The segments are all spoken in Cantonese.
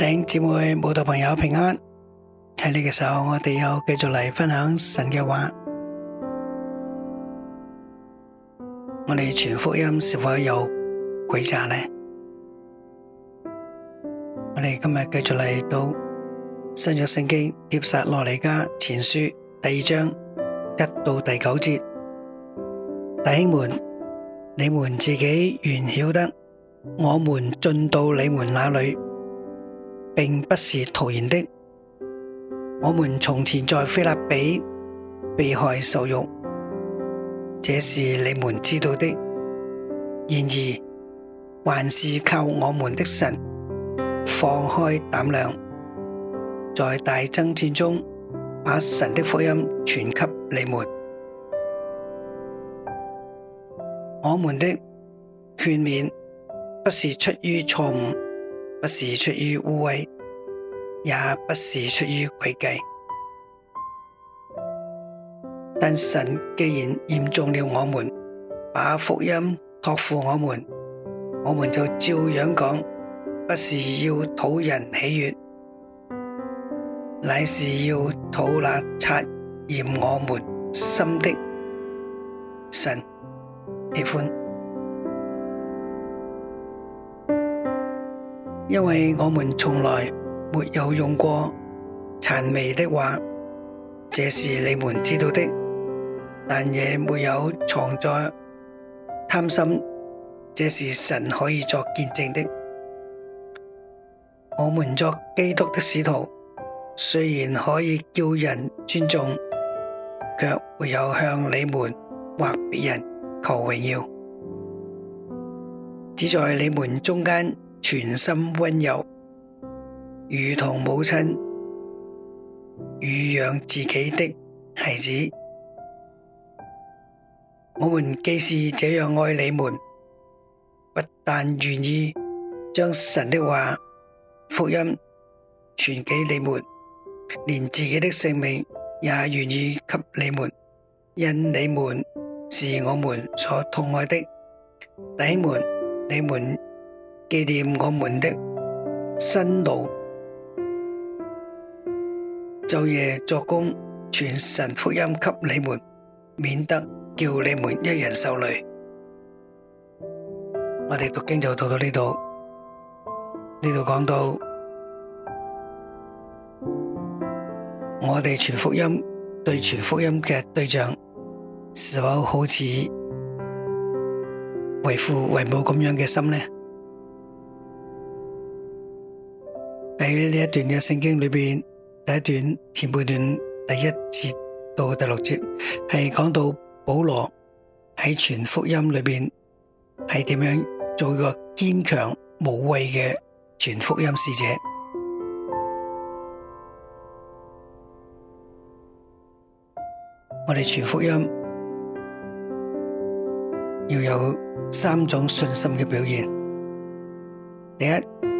弟兄姊妹、慕道、朋友平安，喺呢個時候，我哋又繼續嚟分享神嘅話。我哋全福音是否有詭詐呢？我哋今日繼續嚟到新約聖經帖撒羅尼迦前書第二章一到第九節。弟兄們，你們自己原曉得，我們進到你們那裡。並不是徒然的。我們從前在腓立比被害受辱，這是你們知道的。然而，還是靠我們的神放開膽量，在大爭戰中把神的福音傳給你們。我們的勸勉不是出於錯誤。不是出於污穢，也不是出於詭計，但神既然驗中了我們，把福音託付我們，我們就照樣講，不是要討人喜悅，乃是要討那察驗我們心的神喜歡。因為我們從來沒有用過諂媚的話，這是你們知道的，但也沒有藏在貪心，這是神可以作見證的。我們作基督的使徒，雖然可以叫人尊重，却沒有向你們或別人求榮耀，只在你們中間。全心溫柔，如同母親乳養自己的孩子。我們既是這樣愛你們，不但願意將神的話、福音傳給你們，連自己的性命也願意給你們，因你們是我們所疼愛的弟兄。你們。紀念我們的辛勞，晝夜作工，傳神福音給你們，免得叫你們一人受累。我哋讀經就讀到呢度，呢度講到我哋傳福音對傳福音嘅對象，是否好似爲父爲母咁樣嘅心呢？喺呢一段嘅聖經裏邊，第一段前半段第一節到第六節，係講到保羅喺傳福音裏邊係點樣做一個堅強無畏嘅傳福音使者。我哋傳福音要有三種信心嘅表現，第一。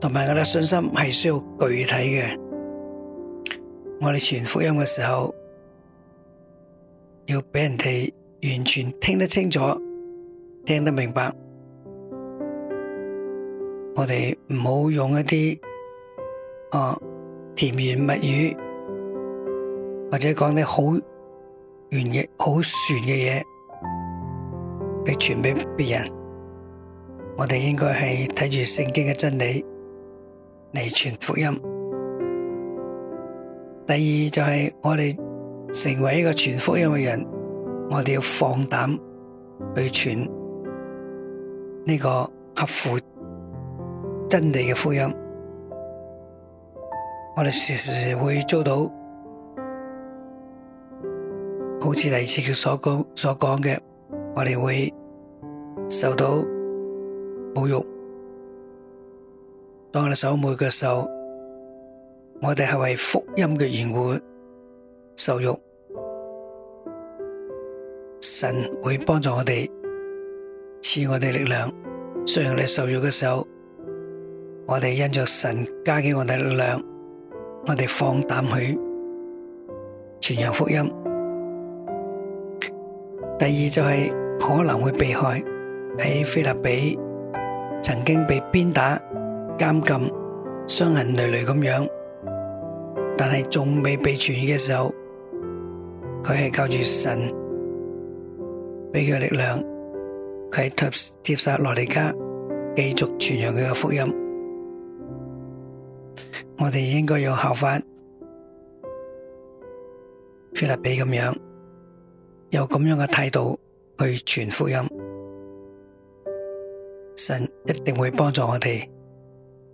同埋我哋信心係需要具體嘅，我哋傳福音嘅時候要俾人哋完全聽得清楚、聽得明白。我哋唔好用一啲哦甜言蜜語或者講啲好玄嘅、好玄嘅嘢去傳俾別人。我哋應該係睇住聖經嘅真理。嚟傳福音。第二就係我哋成為一個傳福音嘅人，我哋要放膽去傳呢個合乎真理嘅福音。我哋時時會遭到好似第二次佢所講所講嘅，我哋會受到侮辱。當你守受苦嘅時候，我哋係為福音嘅緣故受辱，神會幫助我哋賜我哋力量。雖然你受辱嘅時候，我哋因着神加給我哋力量，我哋放膽去傳揚福音。第二就係可能會被害，喺腓立比曾經被鞭打。監禁、傷痕累累咁樣，但係仲未被痊癒嘅時候，佢係靠住神俾佢嘅力量，佢喺帖撒羅尼迦，繼續傳揚佢嘅福音。我哋應該要效法腓立比咁樣，有咁樣嘅態度去傳福音，神一定會幫助我哋。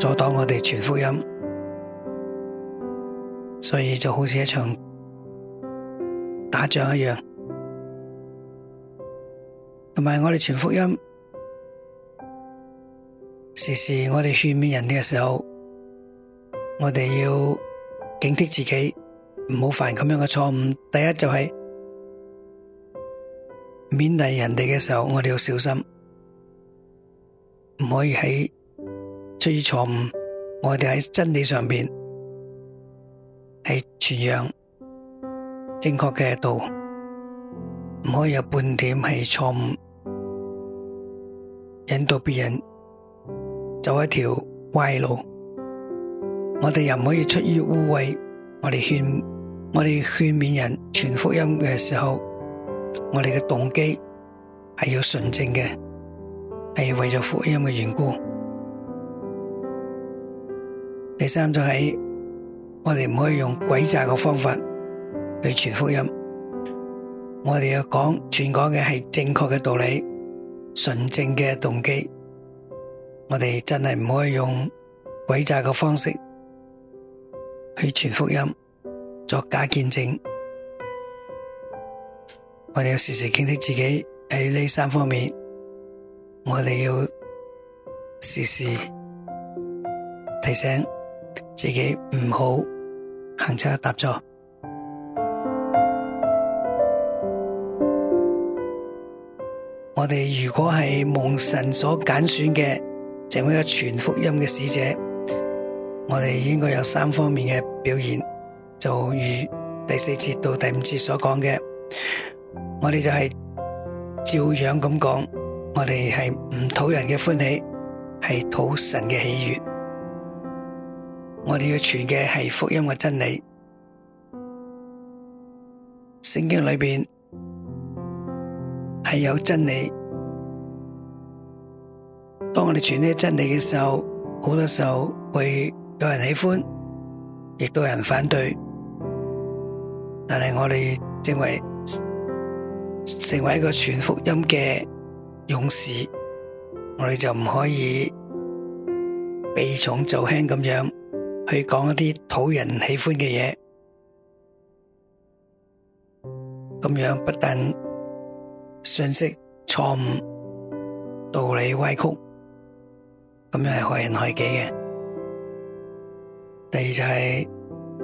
阻擋我哋傳福音，所以就好似一場打仗一樣。同埋我哋傳福音，時時我哋勸勉人哋嘅時候，我哋要警惕自己唔好犯咁樣嘅錯誤。第一就係勉勵人哋嘅時候，我哋要小心，唔可以喺出於錯誤，我哋喺真理上邊係傳揚正確嘅道，唔可以有半點係錯誤，引導別人走一條歪路。我哋又唔可以出於污穢，我哋勸我哋勸勉人傳福音嘅時候，我哋嘅動機係要純正嘅，係為咗福音嘅緣故。第三就係、是，我哋唔可以用詭詐嘅方法去傳福音，我哋要講傳講嘅係正確嘅道理、純正嘅動機，我哋真係唔可以用詭詐嘅方式去傳福音作假見證，我哋要時時警惕自己喺呢三方面，我哋要時時提醒。自己唔好行差踏錯。 我哋如果係蒙神所揀選嘅，成為一個全福音嘅使者，我哋應該有三方面嘅表現，就如第四節到第五節所講嘅，我哋就係照樣咁講，我哋係唔討人嘅歡喜，係討神嘅喜悅。我哋要傳嘅係福音嘅真理，聖經裏邊係有真理。當我哋傳呢啲真理嘅時候，好多時候會有人喜歡，亦都有人反對。但係我哋成為成為一個傳福音嘅勇士，我哋就唔可以避重就輕咁樣，去講一啲討人喜歡嘅嘢，咁樣不但信息錯誤，道理歪曲，咁樣係害人害己嘅。第二就係、是、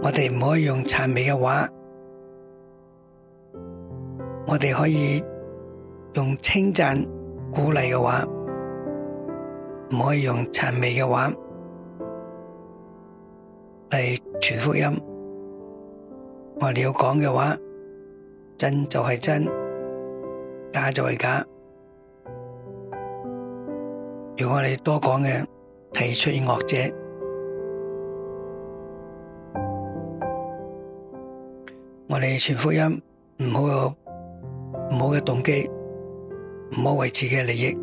我哋唔可以用諂媚嘅話，我哋可以用稱讚鼓勵嘅話，唔可以用諂媚嘅話。係傳福音，我哋要講嘅話，真就係真，假就係假。如果我哋多講嘅係出於惡者，我哋傳福音唔好有唔好嘅動機，唔好維持嘅利益，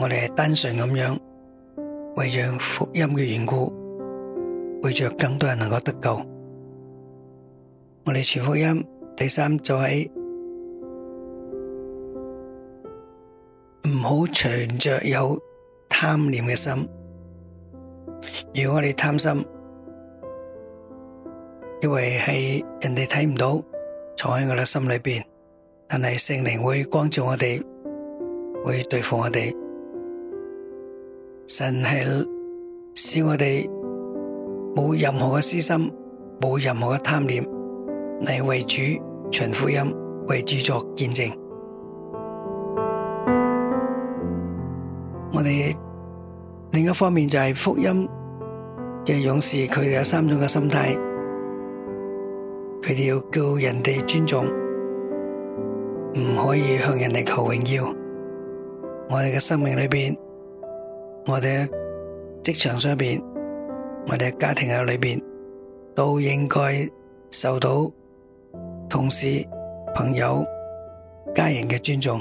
我哋係單純咁樣為咗福音嘅緣故。為着更多人能夠得救，我哋傳福音第三就係唔好長着有貪念嘅心。如果我哋貪心，以為係人哋睇唔到，坐喺我哋心裏邊，但係聖靈會光照我哋，會對付我哋。神係使我哋。冇任何嘅私心，冇任何嘅貪念，嚟為主傳福音，為主作見證。我哋另一方面就係福音嘅勇士，佢哋有三種嘅心態，佢哋要叫人哋尊重，唔可以向人哋求榮耀。我哋嘅生命裏邊，我哋嘅職場上邊。我哋家庭嘅裏邊都應該受到同事、朋友、家人嘅尊重，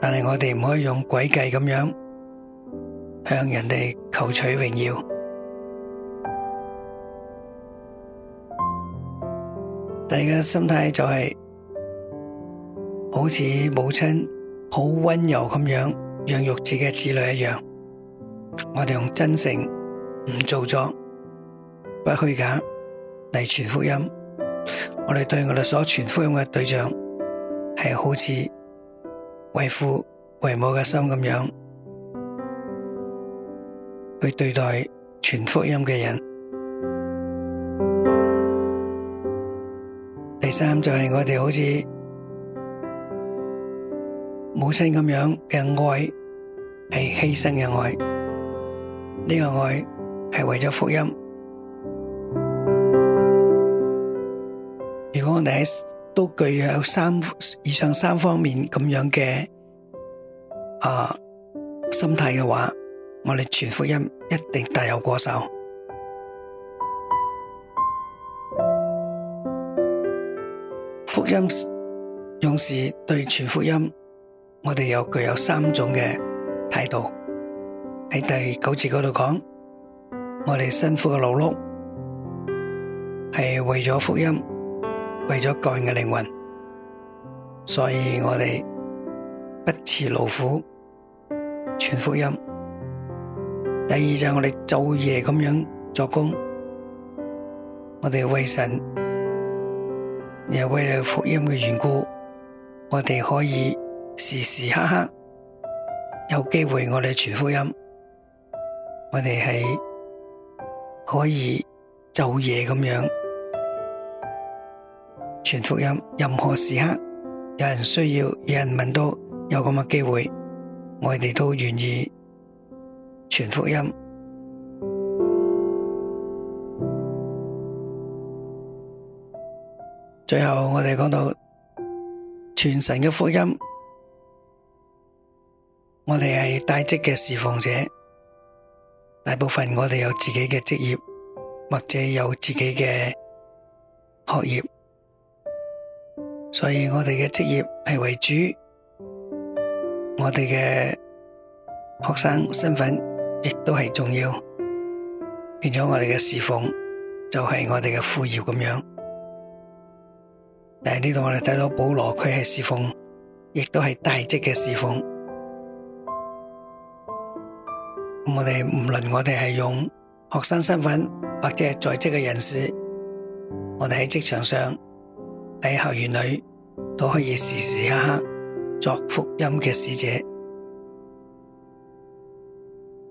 但係我哋唔可以用詭計咁樣向人哋求取榮耀。第二個心態就係好似母親好溫柔咁樣養育自己嘅子女一樣。我哋用真誠，唔做作，不虛假，嚟傳福音。我哋對我哋所傳福音嘅對象，係好似為父為母嘅心咁樣去對待傳福音嘅人。第三就係我哋好似母親咁樣嘅愛，係犧牲嘅愛。呢個愛係為咗福音。如果我哋都具有三以上三方面咁樣嘅啊心態嘅話，我哋傳福音一定大有果效。福音勇士對傳福音，我哋有具有三種嘅態度。喺第九節嗰度講，我哋辛苦嘅勞碌係為咗福音，為咗個人嘅靈魂，所以我哋不辭勞苦傳福音。第二就係我哋晝夜咁樣作工，我哋為神，又為咗福音嘅緣故，我哋可以時時刻刻有機會我哋傳福音。我哋係可以晝夜咁樣傳福音，任何時刻有人需要，有人問到，有咁嘅機會，我哋都願意傳福音。最後我哋講到全神嘅福音，我哋係帶職嘅侍奉者。大部分我哋有自己嘅職業，或者有自己嘅學業，所以我哋嘅職業係為主，我哋嘅學生身份亦都係重要，變咗我哋嘅侍奉就係我哋嘅副業咁樣。但係呢度我哋睇到保羅佢係侍奉，亦都係大職嘅侍奉。我哋唔論我哋係用學生身份或者係在職嘅人士，我哋喺職場上、喺校園裏都可以時時刻刻作福音嘅使者。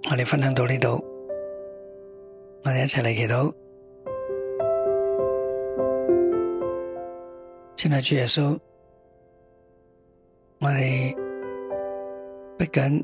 我哋分享到呢度，我哋一齊嚟祈禱，親愛主耶穌。我哋不僅。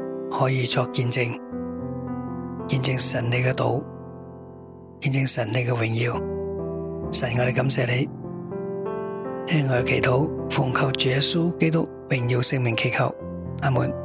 可以作見證，見證神你嘅道，見證神你嘅榮耀，神我哋感謝你，聽我哋祈禱，奉求主耶穌基督榮耀聖名祈求，阿門。